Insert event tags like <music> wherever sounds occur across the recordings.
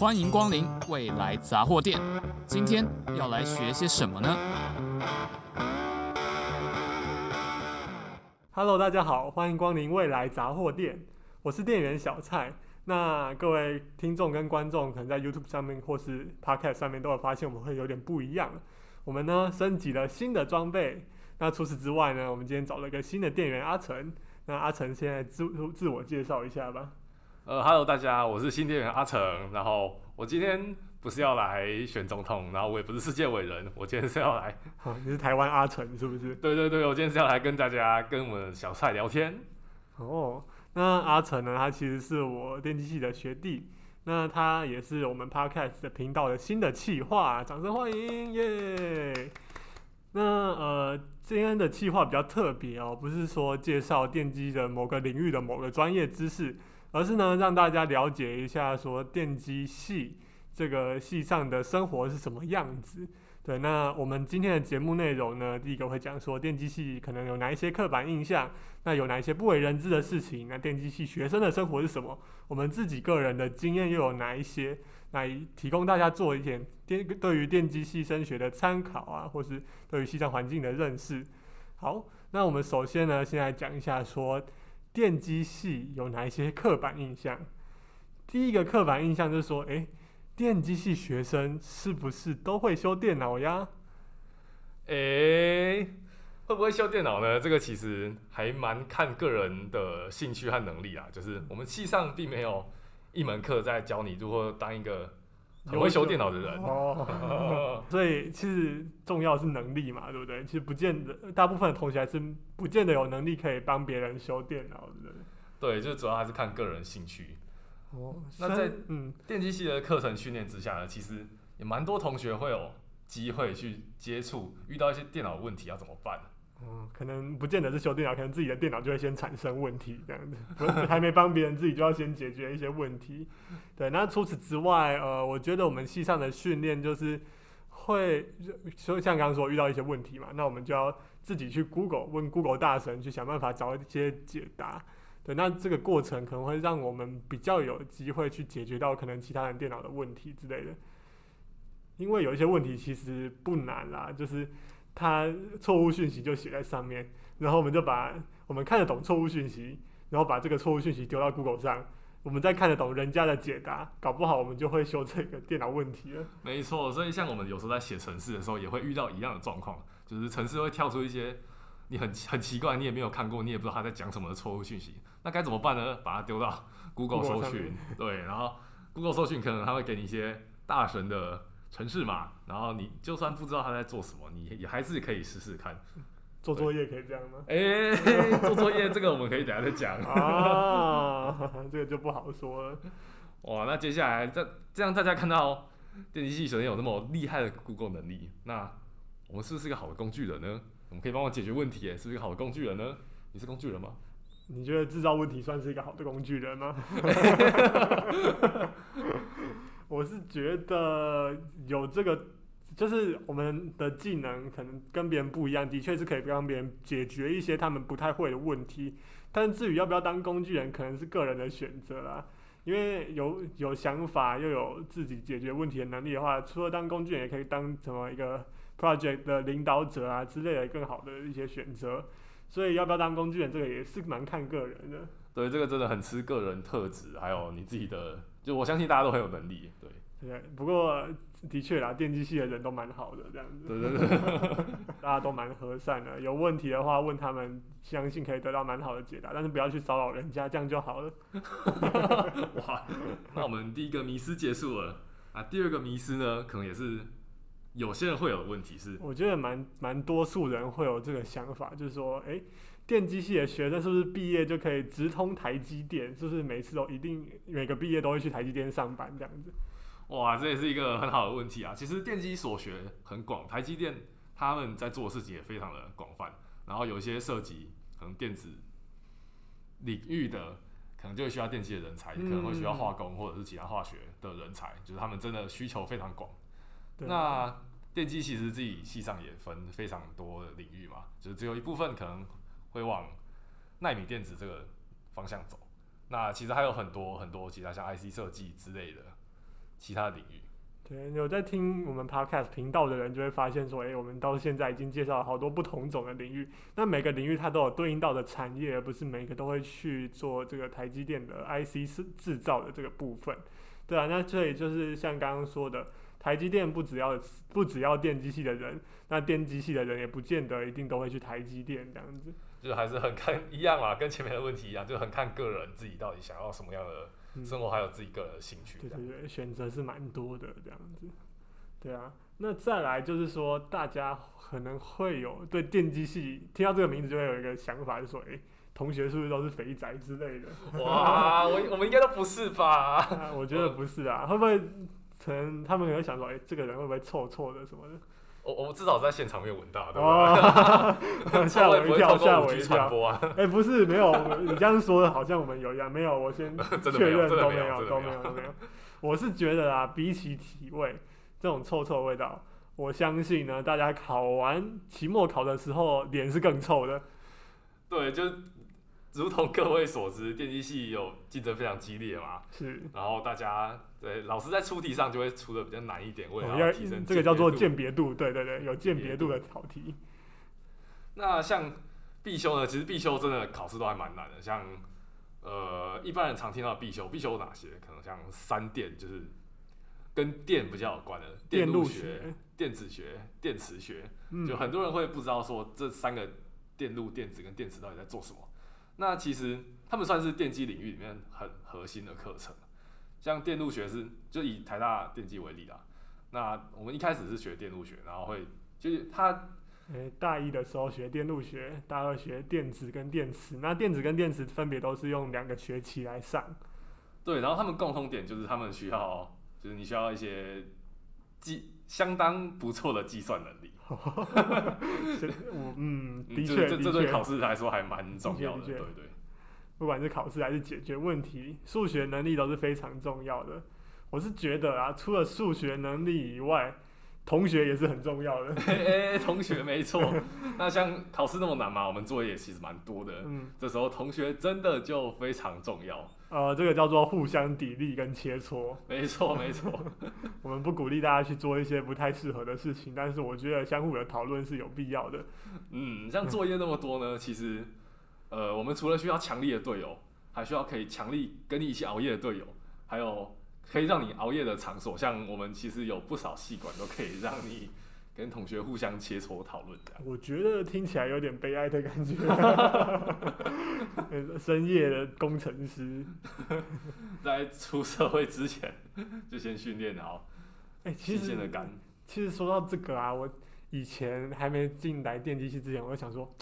歡迎光臨未來雜貨店，今天要來學些什麼呢？Hello，大家好，歡迎光臨未來雜貨店，我是店員小蔡。那各位聽眾跟觀眾可能在 YouTube 上面或是 Podcast 上面都會發現，我們會有點不一樣，我們呢升級了新的裝備。那除此之外呢，我們今天找了一個新的店員阿城。那阿城先來自，自我介紹一下吧。呃，Hello，大家，我是新店員阿城。然後我今天不是要來選總統，然後我也不是世界偉人，我今天是要來。啊、你是台灣阿城是不是？對對對，我今天是要來跟大家跟我們小蔡聊天。哦，那阿城呢？他其實是我電機系的學弟，那他也是我們 Podcast 頻道的新的企劃，掌聲歡迎耶！Yeah! <laughs> 那呃，今天的企劃比較特別哦，不是說介紹電機的某個領域的某個專業知識。而是呢，讓大家了解一下說電機系這個系上的生活是什麼樣子。對，那我們今天的節目內容呢，第一個會講說電機系可能有哪一些刻板印象，那有哪一些不為人知的事情，那電機系學生的生活是什麼？我們自己個人的經驗又有哪一些？來提供大家做一點電，對於電機系升學的參考啊，或是對於系上環境的認識。好，那我們首先呢，先來講一下說。電機系有哪一些刻板印象？第一個刻板印象就是說，哎，電機系學生是不是都會修電腦呀？哎，會不會修電腦呢？這個其實還蠻看個人的興趣和能力啊。就是我們系上並沒有一門課在教你如何當一個。有會修電腦的人哦， <laughs> 所以其實重要是能力嘛，對不對？其實不見得，大部分的同學還是不見得有能力可以幫別人修電腦的。對，就主要還是看個人興趣。哦，那在嗯，電機系的課程訓練之下呢，嗯，其實也蠻多同學會有機會去接觸，遇到一些電腦問題要怎麼辦？嗯，可能不見得是修電腦，可能自己的電腦就會先產生問題這樣子，還沒幫別人， <laughs> 自己就要先解決一些問題。對，那除此之外，呃，我覺得我們系上的訓練就是會，就像剛剛說遇到一些問題嘛，那我們就要自己去 Google，問 Google 大神去想辦法找一些解答。對，那這個過程可能會讓我們比較有機會去解決到可能其他人電腦的問題之類的，因為有一些問題其實不難啦，就是。它錯誤訊息就寫在上面，然後我們就把我們看得懂錯誤訊息，然後把這個錯誤訊息丟到 Google 上，我們再看得懂人家的解答，搞不好我們就會修這個電腦問題了。沒錯，所以像我們有時候在寫程式的時候，也會遇到一樣的狀況，就是程式會跳出一些你很很奇怪，你也沒有看過，你也不知道他在講什麼的錯誤訊息，那該怎麼辦呢？把它丟到 Google，Google 搜尋，對，然後 Google 搜尋可能他會給你一些大神的。程式嘛，然後你就算不知道他在做什麼，你也還是可以試試看。做作業可以這樣嗎？誒、欸， <laughs> 做作業這個我們可以等下再講啊， <laughs> 這個就不好說了。哇，那接下來這樣這樣大家看到、哦、電機首先有那麼厲害的 Google 能力，那我們是不是一個好的工具人呢？我們可以幫忙解決問題，哎，是不是一個好的工具人呢？你是工具人嗎？你覺得製造問題算是一個好的工具人嗎？ <laughs> <laughs> 我是覺得有這個，就是我們的技能可能跟別人不一樣，的確是可以幫別人解決一些他們不太會的問題。但是至於要不要當工具人，可能是個人的選擇啦。因為有有想法又有自己解決問題的能力的話，除了當工具人，也可以當什麼一個 project 的領導者啊之類的更好的一些選擇。所以要不要當工具人，這個也是蠻看個人的。對，這個真的很吃個人特質，還有你自己的。就我相信大家都很有能力。對，對。不過的確啦，電機系的人都蠻好的，這樣子。對對對， <laughs> 大家都蠻和善的。有問題的話問他們，相信可以得到蠻好的解答。但是不要去騷擾人家，這樣就好了。 <laughs> <laughs> 哇，那我們第一個迷思結束了啊。第二個迷思呢，可能也是有些人會有問題是，是我覺得蠻蠻多數人會有這個想法，就是說，哎、欸。電機系也學生是不是畢業就可以直通台積電？是、就、不是每次都一定每個畢業都會去台積電上班這樣子？哇，這也是一個很好的問題啊！其實電機所學很廣，台積電他們在做的事情也非常的廣泛，然後有些涉及可能電子領域的，可能就會需要電機的人才、嗯，可能會需要化工或者是其他化學的人才，就是他們真的需求非常廣。對。那電機其實自己系上也分非常多的領域嘛，就是只有一部分可能。會往奈米電子這個方向走。那其實還有很多很多其他像 IC 設計之類的其他的領域。對，有在聽我們 Podcast 頻道的人就會發現說，哎、欸，我們到現在已經介紹了好多不同種的領域。那每個領域它都有對應到的產業，而不是每一個都會去做這個台積電的 IC 製製造的這個部分。對啊，那這裡就是像剛剛說的，台積電不只要不只要電機系的人，那電機系的人也不見得一定都會去台積電這樣子。就還是很看一樣啦、啊、 <laughs> 跟前面的問題一樣，就很看個人自己到底想要什麼樣的生活，嗯、還有自己個人的興趣。對對對，選擇是蠻多的這樣子。對啊，那再來就是說，大家可能會有對電機系聽到這個名字就會有一個想法，就說，哎、欸，同學是不是都是肥宅之類的？哇， <laughs> 我我們應該都不是吧、 <laughs> 啊？我覺得不是啊，會不會？可能他們也會想說，哎、欸，這個人會不會臭臭的什麼的？我、哦、我至少在現場沒有聞到、哦，對吧？嚇、哦、我一跳，嚇 <laughs> 我一跳哎，啊欸、不是，沒有，你這樣說的，好像我們有一樣，沒有。我先確認都沒有，都沒有，沒有。我是覺得啊，比起體味這種臭臭味道，我相信呢，大家考完期末考的時候，臉是更臭的。對，就如同各位所知，電機系有競爭非常激烈嘛，是。然後大家。對，老師在出題上就會出的比較難一點，為了要提升、哦、這個叫做鑑別度。對對對，有鑑別度的考題。那像必修呢？其實必修真的考試都還蠻難的。像呃，一般人常聽到必修，必修有哪些？可能像三電，就是跟電比較有關的電路學、電子學、電磁學、嗯。就很多人會不知道說這三個電路、電子跟電磁到底在做什麼。那其實他們算是電機領域裡面很核心的課程。像電路學是就以台大電機為例啦，那我們一開始是學電路學，然後會就是他，呃、欸、大一的時候學電路學，大二學電子跟電池，那電子跟電池分別都是用兩個學期來上，對，然後他們共同點就是他們需要就是你需要一些計相當不錯的計算能力， <laughs> <laughs> 嗯，的確這的這對考試來說還蠻重要的，的確、的確，對對。不管是考試還是解決問題，數學能力都是非常重要的。我是覺得啊，除了數學能力以外，同學也是很重要的。 <laughs> 同學沒錯。那像考試那麼難嘛， <laughs> 我們作業其實蠻多的。嗯，這時候同學真的就非常重要。呃，這個叫做互相砥礪跟切磋。沒錯沒錯。 <laughs> 我們不鼓勵大家去做一些不太適合的事情，但是我覺得相互的討論是有必要的。嗯，像作業那麼多呢， <laughs> 其實。呃，我們除了需要強力的隊友，還需要可以強力跟你一起熬夜的隊友，還有可以讓你熬夜的場所。像我們其實有不少系館都可以讓你跟同學互相切磋討論這樣。我覺得聽起來有點悲哀的感覺， <laughs> <laughs> 深夜的工程師，在 <laughs> <laughs> 出社會之前就先訓練了哦。哎、欸，其實，其實說到這個啊，我以前還沒進來電機系之前，我就想說。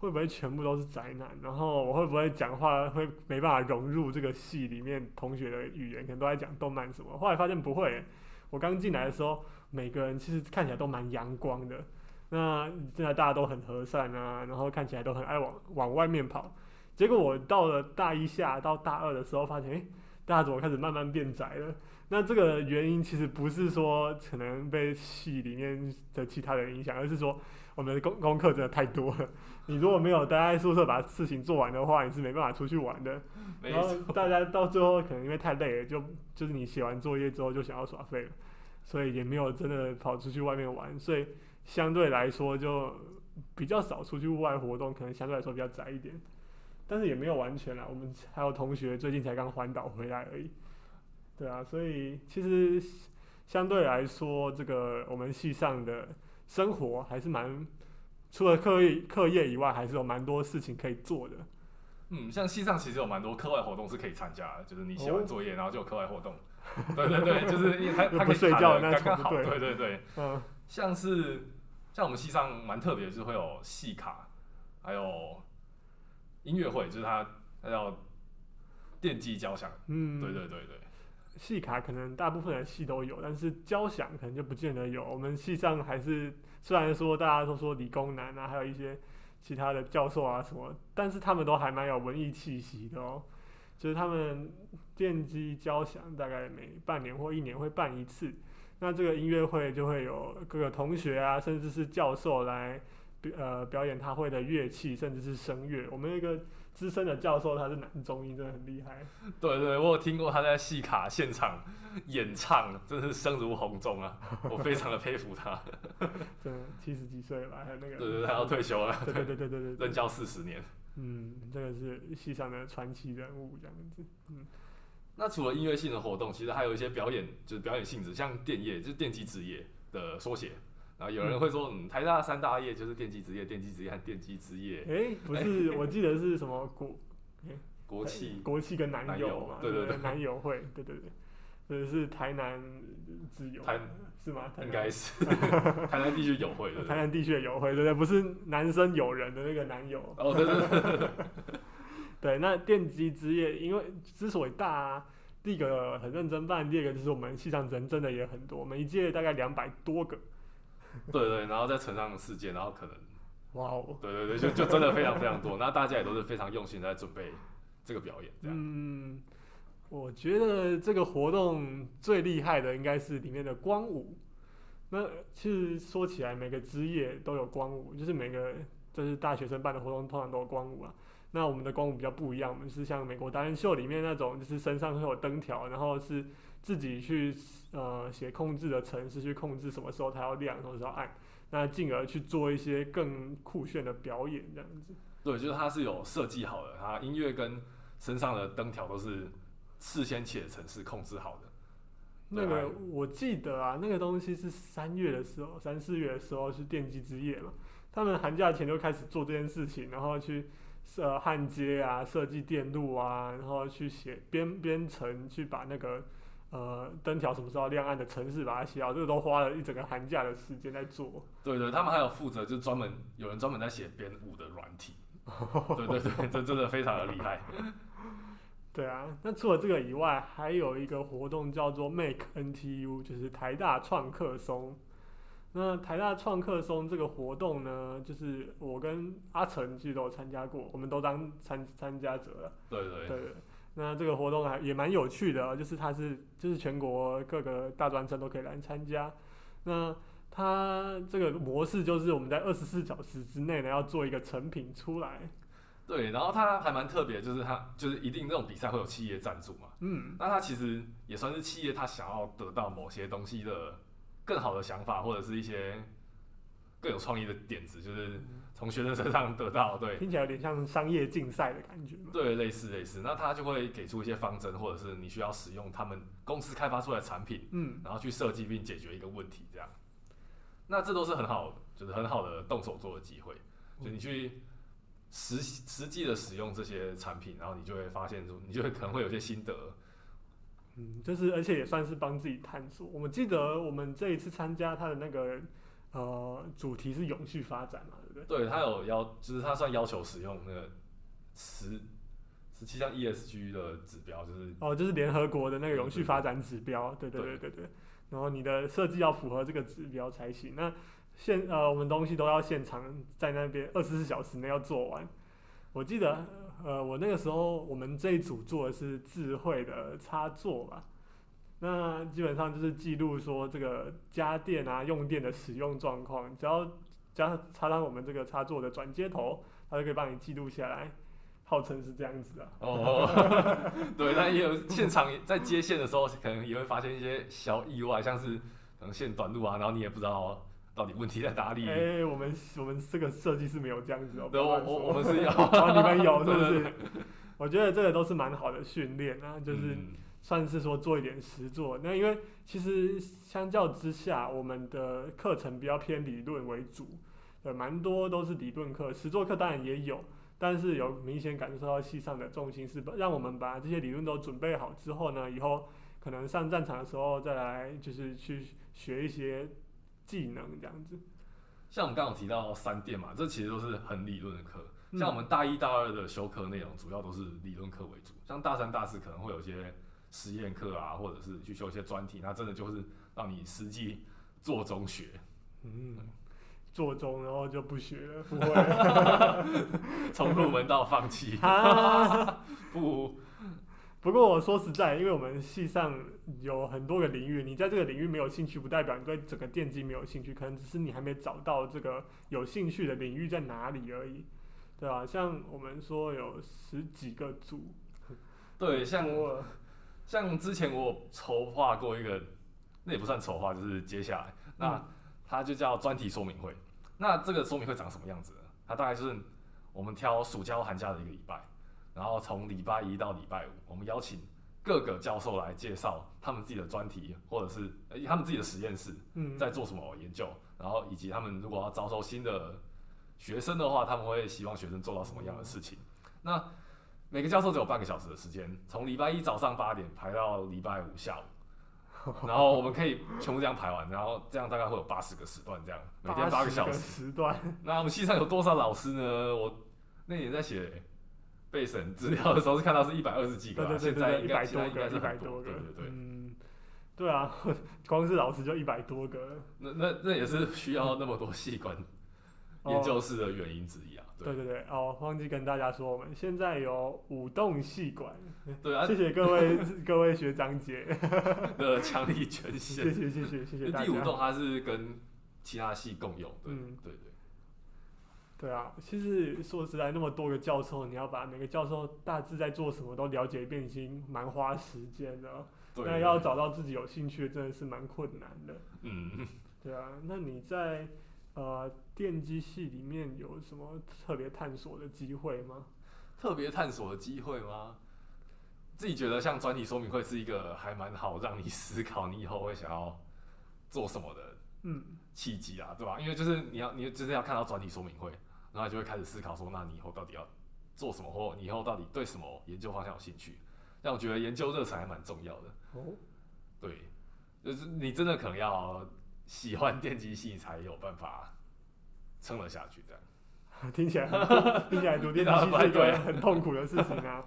會不會全部都是宅男？然後我會不會講話會沒辦法融入這個系裡面同學的語言？可能都在講動漫什麼。後來發現不會，我剛進來的時候，每個人其實看起來都蠻陽光的，那現在大家都很和善啊，然後看起來都很愛往往外面跑。結果我到了大一下到大二的時候，發現誒、欸，大家怎麼開始慢慢變宅了？那這個原因其實不是說可能被系裡面的其他的影響，而是說我們的功功課真的太多了。你如果沒有待在宿舍把事情做完的話，你是沒辦法出去玩的。沒錯。然後大家到最後可能因為太累了，就就是你寫完作業之後就想要耍廢了，所以也沒有真的跑出去外面玩，所以相對來說就比較少出去戶外活動，可能相對來說比較宅一點，但是也沒有完全啦。我們還有同學最近才剛環島回來而已，對啊，所以其實相對來說，這個我們系上的生活還是蠻。除了課業課業以外，還是有蠻多事情可以做的。嗯，像系上其實有蠻多課外活動是可以參加的，就是你寫完作業、哦，然後就有課外活動。 <laughs> 對對對，就是因為他他 <laughs> 不睡覺剛剛好，那對。對對對，嗯，像是像我們系上蠻特別，就是會有系卡，還有音樂會，就是它那叫電機交響。嗯，對對對對。系卡可能大部分的系都有，但是交響可能就不見得有。我們系上還是。雖然說大家都說理工男啊，還有一些其他的教授啊什麼，但是他們都還蠻有文藝氣息的哦。就是他們電機交響大概每半年或一年會辦一次，那這個音樂會就會有各個同學啊，甚至是教授來表呃表演他會的樂器，甚至是聲樂。我們那個。資深的教授，他是男中音，真的很厲害。對,對對，我有聽過他在系卡現場演唱，真是聲如洪鐘啊！ <laughs> 我非常的佩服他。真 <laughs> 的， <laughs> 七十幾歲了，還有那個。對對,對,對,對,對,對,對對，還要退休了。對對對對對，任教四十年。嗯，這個是系上的傳奇人物，這樣子。嗯。那除了音樂性的活動，其實還有一些表演，就是表演性質，像電夜，就是電機之夜的縮寫。然後有人會說嗯，嗯，台大三大夜，就是電機之夜、電機之夜和電機之夜。哎、欸，不是、欸，我記得是什麼國、欸，國企、國企跟男友嘛？友，對對對，對，男友會，對對對，對，就是台南之友。台是嗎？應該是台南地區友會， <laughs> 會，對對？台南地區的友會，對不對？不是男生友人的那個男友。哦，對對對對對。 <laughs> 對，那電機之夜因為之所以大，、啊，第一個很認真辦，第二個就是我們系上人真的也很多，每一屆大概兩百多個。 <laughs> 對對，然後再呈上世界，然後可能，哇哦，對對對，就就真的非常非常多。 <laughs> 那大家也都是非常用心在準備這個表演，這樣。嗯，我覺得這個活動最厲害的應該是裡面的光舞。那其實說起來，每個職業都有光舞，就是每個就是大學生辦的活動通常都有光舞啊。那我們的光舞比較不一樣，我、就、們是像美國達人秀裡面那種，就是身上會有燈條，然後是。自己去呃寫控制的程式，去控制什麼時候它要亮，什麼時候要暗。那進而去做一些更酷炫的表演這樣子。對，就是它是有設計好的，它音樂跟身上的燈條都是事先寫程式控制好的，對啊。那個我記得啊，那個東西是三月的時候，三四月的時候是電機之夜嘛，他們寒假前就開始做這件事情，然後去呃焊接啊，設計電路啊，然後去寫編編程去把那個。呃，燈條什麼時候要亮暗的程式把它寫好，這個都花了一整個寒假的時間在做。對，對對，他們還有負責就，就專門有人專門在寫編舞的軟體。 <laughs> 對對對，這真的非常的厲害。 <laughs> <laughs> 對啊，那除了這個以外，還有一個活動叫做 Make NTU，就是台大創客松。那台大創客松這個活動呢，就是我跟阿成其實都有參加過，我們都當參參加者了。對對對。對那這個活動還也蠻有趣的啊，就是它是就是全國各個大專生都可以來參加。那它這個模式就是我們在二十四小時之內呢，要做一個成品出來。對，然後它還蠻特別，就是它就是一定這種比賽會有企業贊助嘛。嗯。那它其實也算是企業，它想要得到某些東西的更好的想法或者是一些更有創意的點子，就是。嗯從學生身上得到，對，聽起來有點像商業競賽的感覺。對，類似類似，那他就會給出一些方針，或者是你需要使用他們公司開發出來的產品，嗯，然後去設計並解決一個問題，這樣。那這都是很好，就是很好的動手做的機會，嗯，就你去實實際的使用這些產品，然後你就會發現就你就會可能會有些心得。嗯，就是而且也算是幫自己探索。我們記得我們這一次參加他的那個。呃，主題是永續發展嘛，對不對？對，它有要，就是它算要求使用那個十，十七項 ESG 的指標就是哦，就是聯合國的那個永續發展指標，對對對對對，對，對對。然後你的設計要符合這個指標才行。那現呃，我們東西都要現場在那邊二十四小時內要做完。我記得呃，我那個時候我們這一組做的是智慧的插座吧。那基本上就是記錄說這個家電啊、用電的使用狀況，只要加插上我們這個插座的轉接頭，它就可以幫你記錄下來。號稱是這樣子的、啊、哦， <laughs> 對，但也有現場在接線的時候， <laughs> 可能也會發現一些小意外，像是可能線短路啊，然後你也不知道到底問題在哪裡。哎、欸，我們我們這個設計是沒有這樣子哦、喔，我我我們是有你、啊、們 <laughs> 有是不是對對對？我覺得這個都是蠻好的訓練啊，就是、嗯。算是說做一點實作，那因為其實相較之下，我們的課程比較偏理論為主，對，蠻多都是理論課，實作課當然也有，但是有明顯感受到系上的重心是不，讓我們把這些理論都準備好之後呢，以後可能上戰場的時候再來就是去學一些技能這樣子。像我們剛剛有提到三電嘛，這其實都是很理論的課，嗯、像我們大一、大二的修課內容主要都是理論課為主，像大三、大四可能會有些。實驗課啊，或者是去修一些專題，那真的就是讓你實際做中學。嗯，做中然後就不學了，不會 <laughs> 從入門到放棄。 <laughs> <laughs> 不不過我說實在，因為我們系上有很多個領域，你在這個領域沒有興趣，不代表你對整個電機沒有興趣，可能只是你還沒找到這個有興趣的領域在哪裡而已，對吧？像我們說有十幾個組，對，像。像之前我籌劃過一個，那也不算籌劃，就是接下來那、嗯、它就叫專題說明會。那這個說明會長什麼樣子呢？它大概就是我們挑暑假或寒假的一個禮拜，然後從禮拜一到禮拜五，我們邀請各個教授來介紹他們自己的專題、嗯，或者是、欸、他們自己的實驗室在做什麼研究、嗯，然後以及他們如果要招收新的學生的話，他們會希望學生做到什麼樣的事情？嗯、那每個教授只有半個小時的時間，從禮拜一早上八點排到禮拜五下午，然後我們可以全部這樣排完，然後這樣大概會有八十個時段，這樣每天八個小時，個時段。那我們系上有多少老師呢？我那年在寫備審資料的時候是看到是一百二十幾個，對對對對對個，現在一百多個，一百多個。對對，對、嗯、對啊，光是老師就一百多個。那那那也是需要那麼多系館、研究室的原因之一啊。對對對，哦，忘記跟大家說，我們現在有五棟系館。對啊，謝謝各位 <laughs> 各位學長姐的強、 <laughs> 呃、力捐獻。謝謝,謝謝謝謝謝謝大家。第五棟它是跟其他系共用的。嗯，對,對對。對啊，其實說實在，那麼多個教授，你要把每個教授大致在做什麼都了解一遍，已經蠻花時間的。對。但要找到自己有興趣的真的是蠻困難的。嗯。對啊，那你在呃。電機系裡面有什麼特別探索的機會嗎？特別探索的機會嗎？自己覺得像專題說明會是一個還蠻好讓你思考你以後會想要做什麼的，啊，嗯，契機啊，對吧？因為就是你要你就是要看到專題說明會，然後就會開始思考說，那你以後到底要做什麼，或你以後到底對什麼研究方向有興趣？但我覺得研究熱情還蠻重要的哦。對，就是你真的可能要喜歡電機系才有辦法。撐了下去這樣。 <laughs> 聽起來 <laughs> 聽起來讀電腦書是一個很痛苦的事情啊！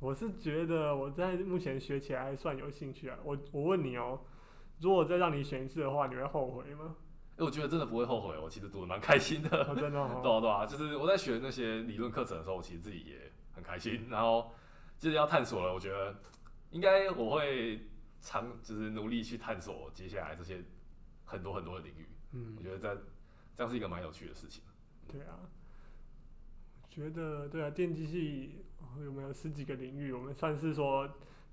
我是覺得我在目前學起來還算有興趣啊。我我問你哦，如果再讓你選一次的話，你會後悔嗎？欸、我覺得真的不會後悔，我其實讀得蠻開心的，哦、真的、哦。 <laughs> 對啊對啊，就是我在學那些理論課程的時候，我其實自己也很開心。然後就是要探索了，我覺得應該我會長就是努力去探索接下來這些很多很多的領域。嗯，我覺得在。這樣是一個蠻有趣的事情。對啊，我覺得對啊，電機系、哦、有沒有十幾個領域？我們算是說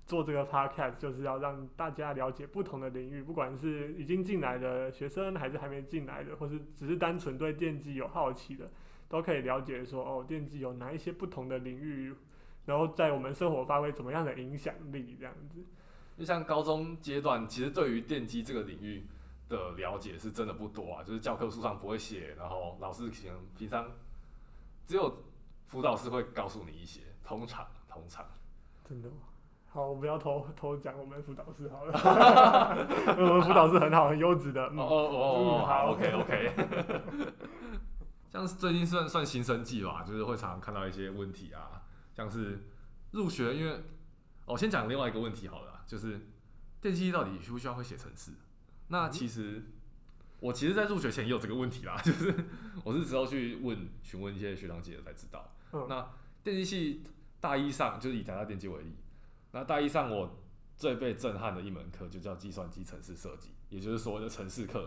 做這個 podcast，就是要讓大家了解不同的領域，不管是已經進來的學生，還是還沒進來的，或是只是單純對電機有好奇的，都可以了解說哦，電機有哪一些不同的領域，然後在我們生活發揮怎麼樣的影響力？這樣子，就像高中階段，其實對於電機這個領域的了解是真的不多啊，就是教科書上不會寫，然後老師平平常只有輔導師會告訴你一些，通常通常，真的嗎？好，我不要偷偷講我們輔導師好了， <laughs> <laughs> 我們輔導師很好， <laughs> 很優質的，哦哦哦、嗯、哦，好，OK OK， <laughs> 像最近算算新生季吧，就是會常常看到一些問題啊，像是入學，因為我、哦、先講另外一個問題好了，就是電機到底需不需要會寫程式？那其實，嗯、我其實，在入學前也有這個問題啦，就是我是之後去問詢問一些學長姐才知道。嗯、那電機系大一上，就是以台大電機為例，那大一上我最被震撼的一門課就叫計算機程式設計，也就是所謂的程式課。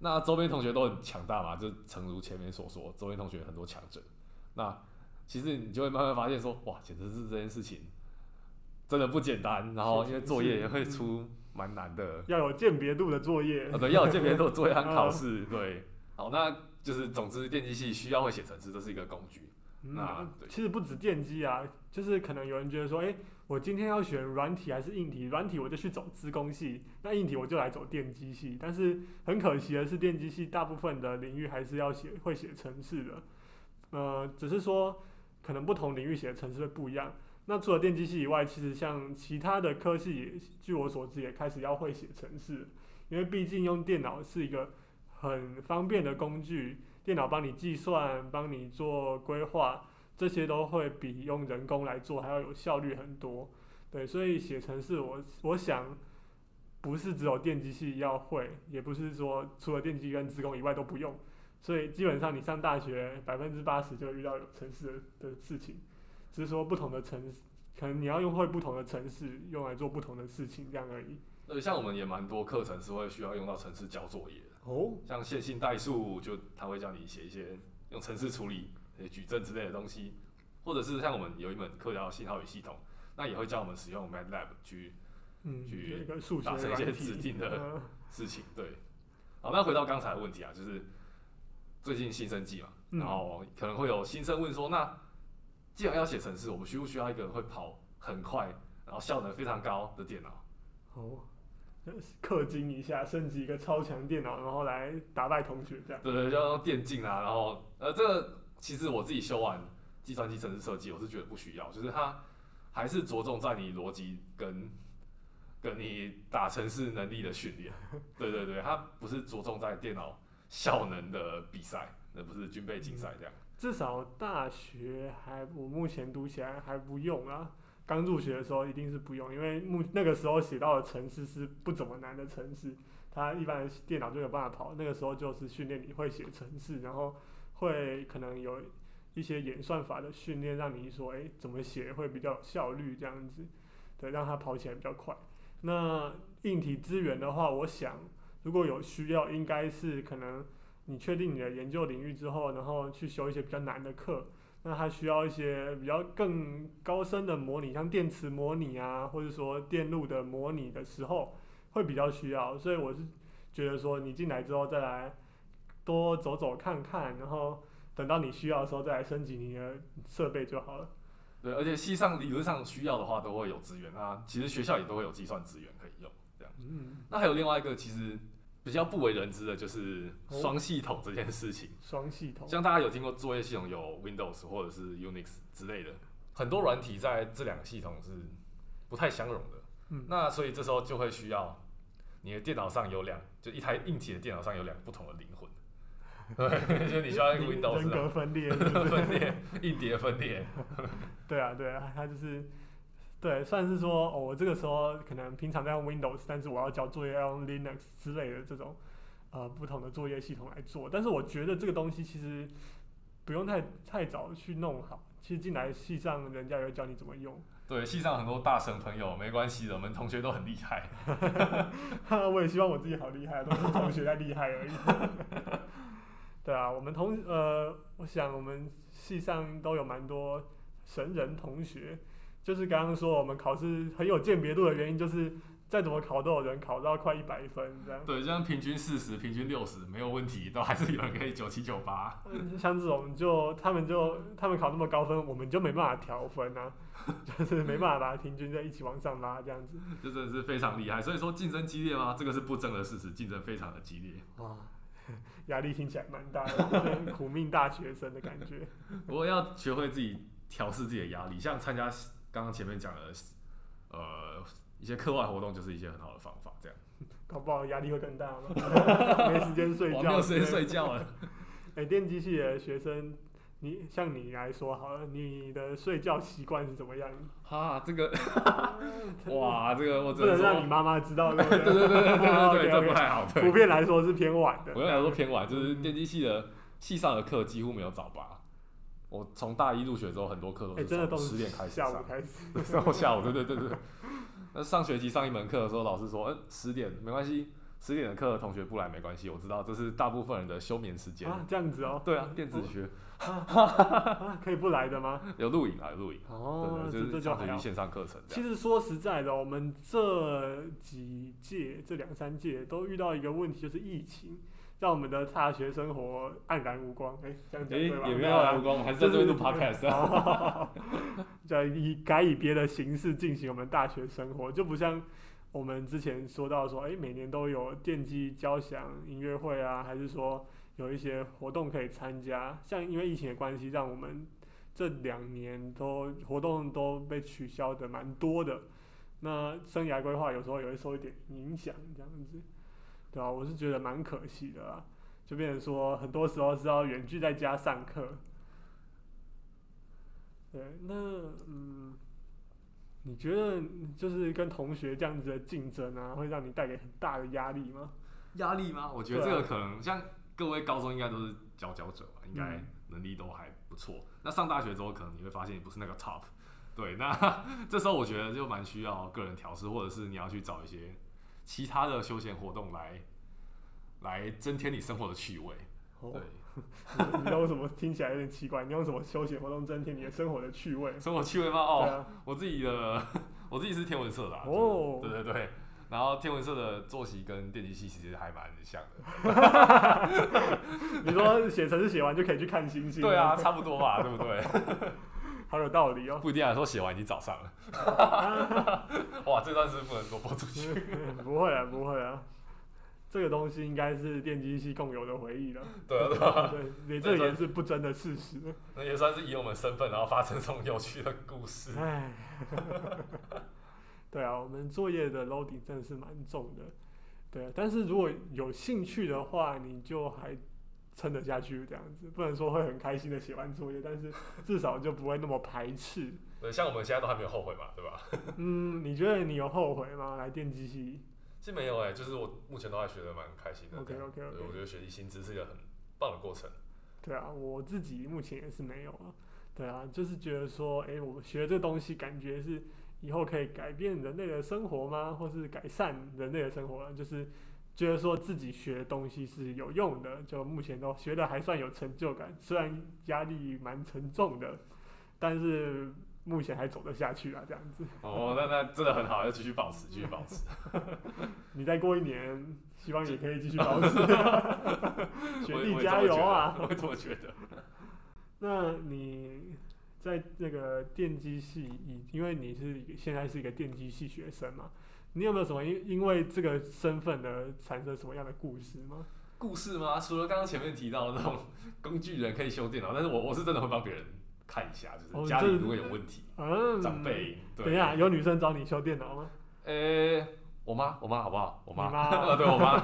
那周邊同學都很強大嘛，就誠如前面所說，周邊同學很多強者。那其實你就會慢慢發現說，說哇，簡直是這件事情真的不簡單。然後因為作業也會出。嗯嗯蠻難的，要有鑑別度的作業。哦、要有鑑別度的作業和考試。 <laughs> 對，好，那就是總之，電機系需要會寫程式，這是一個工具。嗯、那其實不止電機啊，就是可能有人覺得說，哎，我今天要選軟體還是硬體？軟體我就去走資工系，那硬體我就來走電機系。但是很可惜的是，電機系大部分的領域還是要寫會寫程式的。呃，只是說可能不同領域寫的程式會不一樣。那除了電機系以外，其實像其他的科系，據我所知，也開始要會寫程式，因為畢竟用電腦是一個很方便的工具，電腦幫你計算、幫你做規劃，這些都會比用人工來做還要有效率很多。對，所以寫程式我，我我想不是只有電機系要會，也不是說除了電機跟資工以外都不用，所以基本上你上大學百分之八十就遇到有程式的事情。只是說不同的程式，可能你要用會不同的程式用來做不同的事情，這樣而已。呃，像我們也蠻多課程是會需要用到程式交作業的哦，像線性代數就他會叫你寫一些用程式處理矩陣之類的東西，或者是像我們有一門課叫信號與系統，那也會教我們使用 MATLAB 去、嗯、去達成一些指定的、嗯啊、事情。對，好，那回到剛才的問題啊，就是最近新生季嘛、嗯，然後可能會有新生問說那，既然要寫程式，我們需不需要一個人會跑很快，然後效能非常高的電腦？哦，氪金一下，升級一個超強電腦，然後來打敗同學這樣？對對，對，就用電競啊，然後呃，這個其實我自己修完計算機程式設計，我是覺得不需要，就是它還是着重在你邏輯跟跟你打程式能力的訓練。 <laughs> 對對對，它不是着重在電腦效能的比賽，而不是軍備競賽這樣。嗯至少大學還我目前讀起來還不用啊。剛入學的時候一定是不用，因為目那個時候寫到的程式是不怎麼難的程式，它一般電腦就有辦法跑。那個時候就是訓練你會寫程式，然後會可能有一些演算法的訓練，讓你說誒、欸、怎麼寫會比較有效率這樣子，對，讓它跑起來比較快。那硬體資源的話，我想如果有需要，應該是可能。你確定你的研究領域之後，然後去修一些比較難的課。那它需要一些比較更高深的模擬，像電磁模擬啊，或者說電路的模擬的時候，會比較需要。所以我是覺得說，你進來之後再來多走走看看，然後等到你需要的時候再來升級你的設備就好了。對，而且系上理論上需要的話都會有資源啊。其實學校也都會有計算資源可以用。這樣、嗯。那還有另外一個，其實。比較不為人知的就是雙系統這件事情。哦、雙系統，像大家有聽過作業系統有 Windows 或者是 Unix 之類的，很多軟體在這兩個系統是不太相容的。嗯，那所以這時候就會需要你的電腦上有兩，就一台硬體的電腦上有兩不同的靈魂、嗯。對， <laughs> 就你需要一個 Windows。 <laughs> 人格分裂是不是？ <laughs> 分裂，硬碟、分裂。 <laughs> 對啊，對啊，它就是。對，算是說，哦，我這個時候可能平常在用 Windows，但是我要交作業要用 Linux 之類的這種，呃，不同的作業系統來做。但是我覺得這個東西其實不用太太早去弄好，其實進來系上人家也會教你怎麼用。對，系上很多大神朋友，沒關係的，我們同學都很厲害。 <laughs> <laughs> 我也希望我自己好厲害，都是同學太厲害而已。 <laughs> 對啊，我們同呃，我想我們系上都有蠻多神人同學。就是剛剛說我們考試很有鑑別度的原因，就是再怎麼考都有人考到快一百分這樣。對，這樣平均四十、平均六十沒有問題，都還是有人可以九七九八。像這種就他們就他們考那麼高分，我們就沒辦法調分啊， <laughs> 就是沒辦法把它平均在一起往上拉這樣子。這真的是非常厲害，所以說競爭激烈嗎？這個是不爭的事實，競爭非常的激烈。哇，壓 <laughs> 力聽起來蠻大的，就是、苦命大學生的感覺。 <laughs> <laughs> 我要學會自己調試自己的壓力，像參加。剛剛前面講的，呃，一些課外活動就是一些很好的方法，這樣。搞不好壓力會更大了， <laughs> 沒時間睡覺，沒有時間睡覺了。哎、欸，電機系的學生，你像你來說好了，你的睡覺習慣是怎麼樣？哈，這個， <laughs> 哇，這個我能不能讓你媽媽知道是不是， <laughs> 對，對，對，對，對對對對對對對，這不太好。普遍來說是偏晚的，我剛才說偏晚，是就是電機系的、嗯、系上的課幾乎沒有早八。我從大一入學之後，很多課都是十點開始上，欸、下午開始 <laughs> 對，從下午上，下午對對對對。 <laughs> 那上學期上一門課的時候，老師說：“嗯、欸，十點沒關係，十點的課同學不來沒關係，我知道這是大部分人的休眠時間啊。”這樣子哦，對啊，電子學，哈哈哈哈哈，可以不來的嗎？有錄影來錄影哦對對對，就是屬於線上課程。其實說實在的，我們這幾屆這兩三屆都遇到一個問題，就是疫情。讓我們的大學生活黯然無光，哎、欸，這樣講、欸、對吧，也沒有黯然無光，我、嗯、們還是在這邊錄 podcast 啊。在、哦、 <laughs> 以改以別的形式進行我們大學生活，就不像我們之前說到說，哎、欸，每年都有電機交響音樂會啊，還是說有一些活動可以參加。像因為疫情的關係，讓我們這兩年都活動都被取消的蠻多的。那生涯規劃有時候也會受一點影響，這樣子。對啊，我是覺得蠻可惜的啦，就變成說很多時候是要遠距在家上課。對，那嗯，你覺得就是跟同學這樣子的競爭啊，會讓你帶給很大的壓力嗎？壓力嗎？我覺得這個可能像各位高中應該都是佼佼者吧，應該能力都還不錯。嗯。那上大學之後，可能你會發現你不是那個 top。對，那這時候我覺得就蠻需要個人調試，或者是你要去找一些。其他的休閒活動來，來增添你生活的趣味。Oh. 對，你知道為什麼？聽起來有點奇怪。 <laughs> 你用什麼休閒活動增添你的生活的趣味？生活趣味嘛，哦、oh, 啊，我自己的，我自己是天文社的、啊。哦、oh.，對對對。然後天文社的作息跟電機系其實還蠻像的。 <laughs> <laughs> 你說寫程式寫完就可以去看星星？對啊， <laughs> 對啊，差不多吧，對不對？ <laughs> 好有道理哦！不一定要說寫完已經早上了。 <laughs> <laughs> 哇，這段是不，是不能說播出去。 <laughs> 不會啊，不會啊，這個東西應該是電機系共有的回憶了。對啊， <laughs> 對啊，你這也是不爭的事實。那也算是以我們身份，然後發生這種有趣的故事。哎 <laughs> <laughs> 對啊，我們作業的 loading 真的是蠻重的。對，但是如果有興趣的話，你就還。撐得下去這樣子，不能說會很開心的寫完作業，但是至少就不會那麼排斥。 <laughs> 對，像我們現在都還沒有後悔嘛，對吧？ <laughs> 嗯，你覺得你有後悔嗎？來電機系？其實沒有哎、欸，就是我目前都還學得蠻開心的。OK OK OK, okay。我覺得學習新知是一個很棒的過程。對啊，我自己目前也是沒有啊。對啊，就是覺得說，哎、欸，我學這個東西感覺是以後可以改變人類的生活嗎？或是改善人類的生活？就是。覺得說自己學的東西是有用的，就目前都學的還算有成就感，雖然壓力蠻沉重的，但是目前還走得下去啊，這樣子。哦，那那真的、這個、很好，要繼續保持，繼續保持。 <laughs> 你再過一年，希望也可以繼續保持。 <laughs> <laughs> 學弟加油啊！我也這麼覺得。我也這麼覺得 <laughs> 那你在這個電機系，因為你是現在是一個電機系學生嘛？你有沒有什麼因因為這個身份而產生什麼樣的故事嗎？故事嗎？除了剛剛前面提到的那種工具人可以修電腦，但是我我是真的會幫別人看一下，就是家裡如果有問題，哦嗯、長輩，對。等一下，有女生找你修電腦嗎？誒、欸。我媽，我媽好不好？我媽，媽、 <laughs> 啊、對我媽，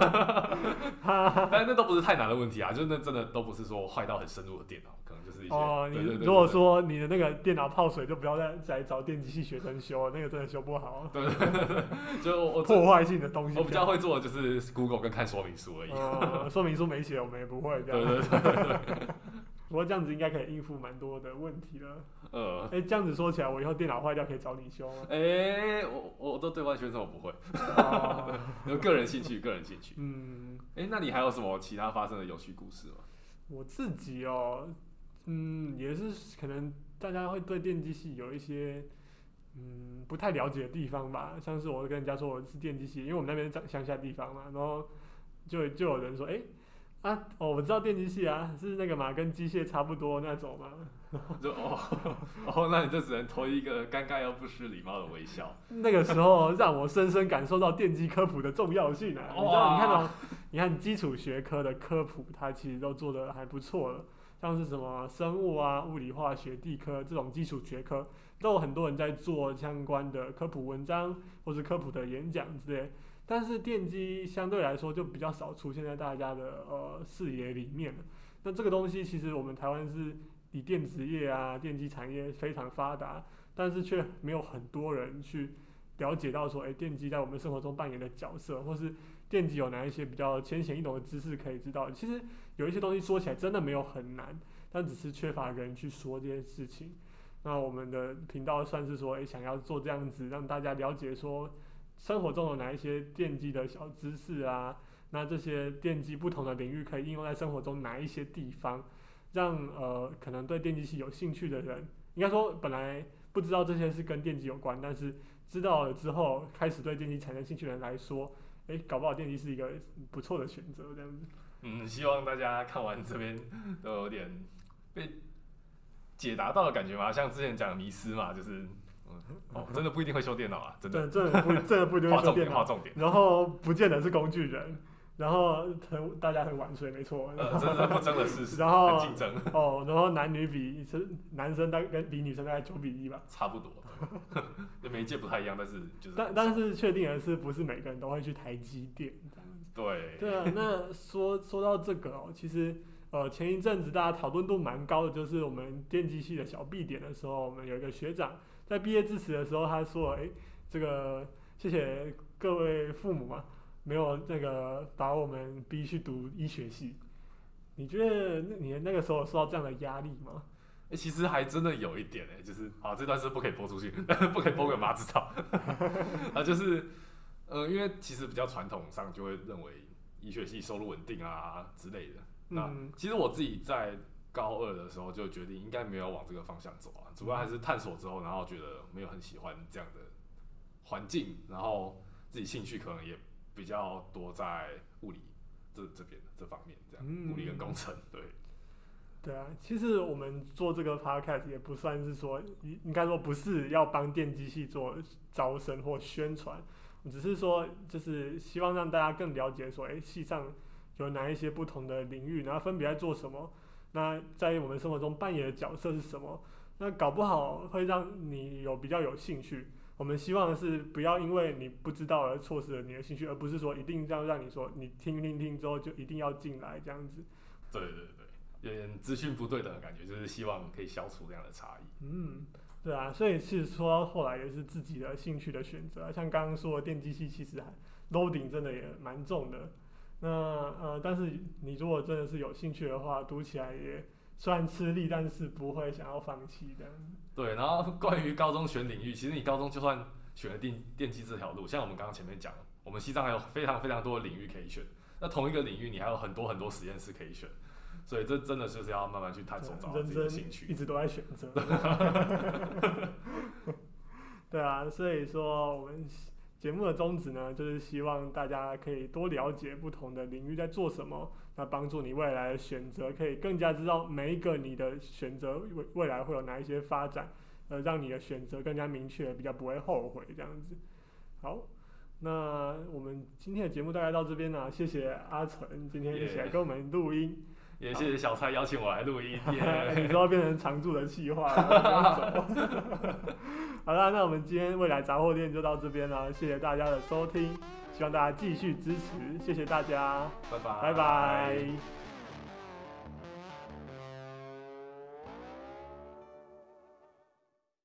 <laughs> <laughs> 但是那都不是太難的問題啊，就那真的都不是說壞到很深入的電腦，可能就是一些。哦、對對對對對對，你如果說你的那個電腦泡水，就不要再再找電機系學生修，那個真的修不好。 <laughs> 對，對，對，對，就，我 <laughs> 我就破壞性的東西。我比較會做的就是 Google 跟看說明書而已。 <laughs> 哦、說明書沒寫，我們也不會這樣。 <laughs> 對對對對對對 <laughs> 不過這樣子應該可以應付蠻多的問題了。呃、欸，這樣子說起來，我以後電腦壞掉可以找你修嗎？誒、欸，我我都對外宣傳我不會。 <laughs> 有個人興趣，個人興趣。嗯。誒、欸，那你還有什麼其他發生的有趣故事嗎？我自己哦、喔，嗯，也是可能大家會對電機系有一些嗯不太了解的地方吧。像是我跟人家說我是電機系，因為我們那邊在鄉下地方嘛，然後就就有人說，誒、欸。啊，哦，我知道電機系啊，是那個嘛，跟機械差不多那種嘛。就哦， <laughs> 哦，那你就只能投一個尷尬又不失禮貌的微笑。那個時候讓我深深感受到電機科普的重要性啊！哦、啊，你知道，你看、哦、你看基礎學科的科普，它其實都做得還不錯了，像是什麼生物啊、物理化學、地科這種基礎學科，都有很多人在做相關的科普文章或是科普的演講之類。但是電機相對來說就比較少出現在大家的呃視野裡面了。那這個東西其實我們台灣是以電子業啊、電機產業非常發達，但是卻沒有很多人去了解到說，哎，電機在我們生活中扮演的角色，或是電機有哪一些比較淺顯易懂的知識可以知道。其實有一些東西說起來真的沒有很難，但只是缺乏人去說這件事情。那我們的頻道算是說，哎，想要做這樣子讓大家了解說。生活中有哪一些電機的小知識啊？那這些電機不同的領域可以應用在生活中哪一些地方？讓呃可能對電機系有興趣的人，應該說本來不知道這些是跟電機有關，但是知道了之後開始對電機產生興趣的人來說，誒、欸、搞不好電機是一個不錯的選擇這樣子。嗯，希望大家看完這邊都有點被解答到的感覺嘛，像之前講迷思嘛，就是。哦，真的不一定會修電腦啊，真的。對，真的不，真的不一定會修電腦。 <laughs> 劃重點，劃重點。然後不見得是工具人，然後很大家很晚睡，沒錯、呃。真的不，真的不爭的事實。然後競 <laughs> 爭。哦，然後男女比是男生大概比女生大概九比一吧。差不多。跟每屆不太一樣，但是就是。但但是確定的是，不是每個人都會去台積電這樣子。對對啊，那說說到這個哦，其實呃前一陣子大家討論度蠻高的，就是我們電機系的小畢典的時候，我們有一個學長。在畢業致辭的時候，他說：“誒、欸，這個謝謝各位父母啊，沒有那個把我們逼去讀醫學系。”你覺得那你那個時候受到這樣的壓力嗎、欸？其實還真的有一點哎、欸，就是啊，這段是不可以播出去， <laughs> <laughs> 不可以播給媽知道。啊，就是呃，因為其實比較傳統上就會認為醫學系收入穩定啊之類的。那、嗯、其實我自己在。高二的時候就決定，應該沒有往這個方向走啊。主要還是探索之後，然後覺得沒有很喜歡這樣的環境，然後自己興趣可能也比較多在物理這這邊這方面這樣、嗯。物理跟工程，對對啊。其實我們做這個 podcast 也不算是說，應該說不是要幫電機系做招生或宣傳，只是說就是希望讓大家更了解說，哎、欸，系上有哪一些不同的領域，然後分別在做什麼。那在我們生活中扮演的角色是什麼？那搞不好會讓你有比較有興趣。我們希望的是不要因為你不知道而錯失了你的興趣，而不是說一定要讓你說你聽聽聽之後就一定要進來這樣子。對對對，有點資訊不對的感覺，就是希望可以消除這樣的差異。嗯，對啊，所以是說後來也是自己的興趣的選擇，像剛剛說的電機系其實還 loading 真的也蠻重的。那呃，但是你如果真的是有興趣的話，讀起來也算吃力，但是不會想要放棄的。對，然後關於高中選領域，其實你高中就算選了電電機這條路，像我們剛剛前面講，我們西藏還有非常非常多的領域可以選。那同一個領域，你還有很多很多實驗室可以選，所以這真的就是要慢慢去探索，找到自己的興趣，一直都在選擇。對。 <laughs> <laughs> 對啊，所以說我們節目的宗旨呢，就是希望大家可以多了解不同的領域在做什麼，那幫助你未來的選擇可以更加知道每一個你的選擇未未來會有哪一些發展，呃，讓你的選擇更加明確，比較不會後悔這樣子。好，那我們今天的節目大概到這邊呢、啊，謝謝阿城今天一起來跟我們錄音。Yeah. 也謝謝小蔡邀請我來錄音， <laughs> 你要變成常駐的企劃了。 <laughs> <laughs> 好了，那我們今天未來雜貨店就到這邊了，謝謝大家的收聽，希望大家繼續支持，謝謝大家，拜拜，拜拜。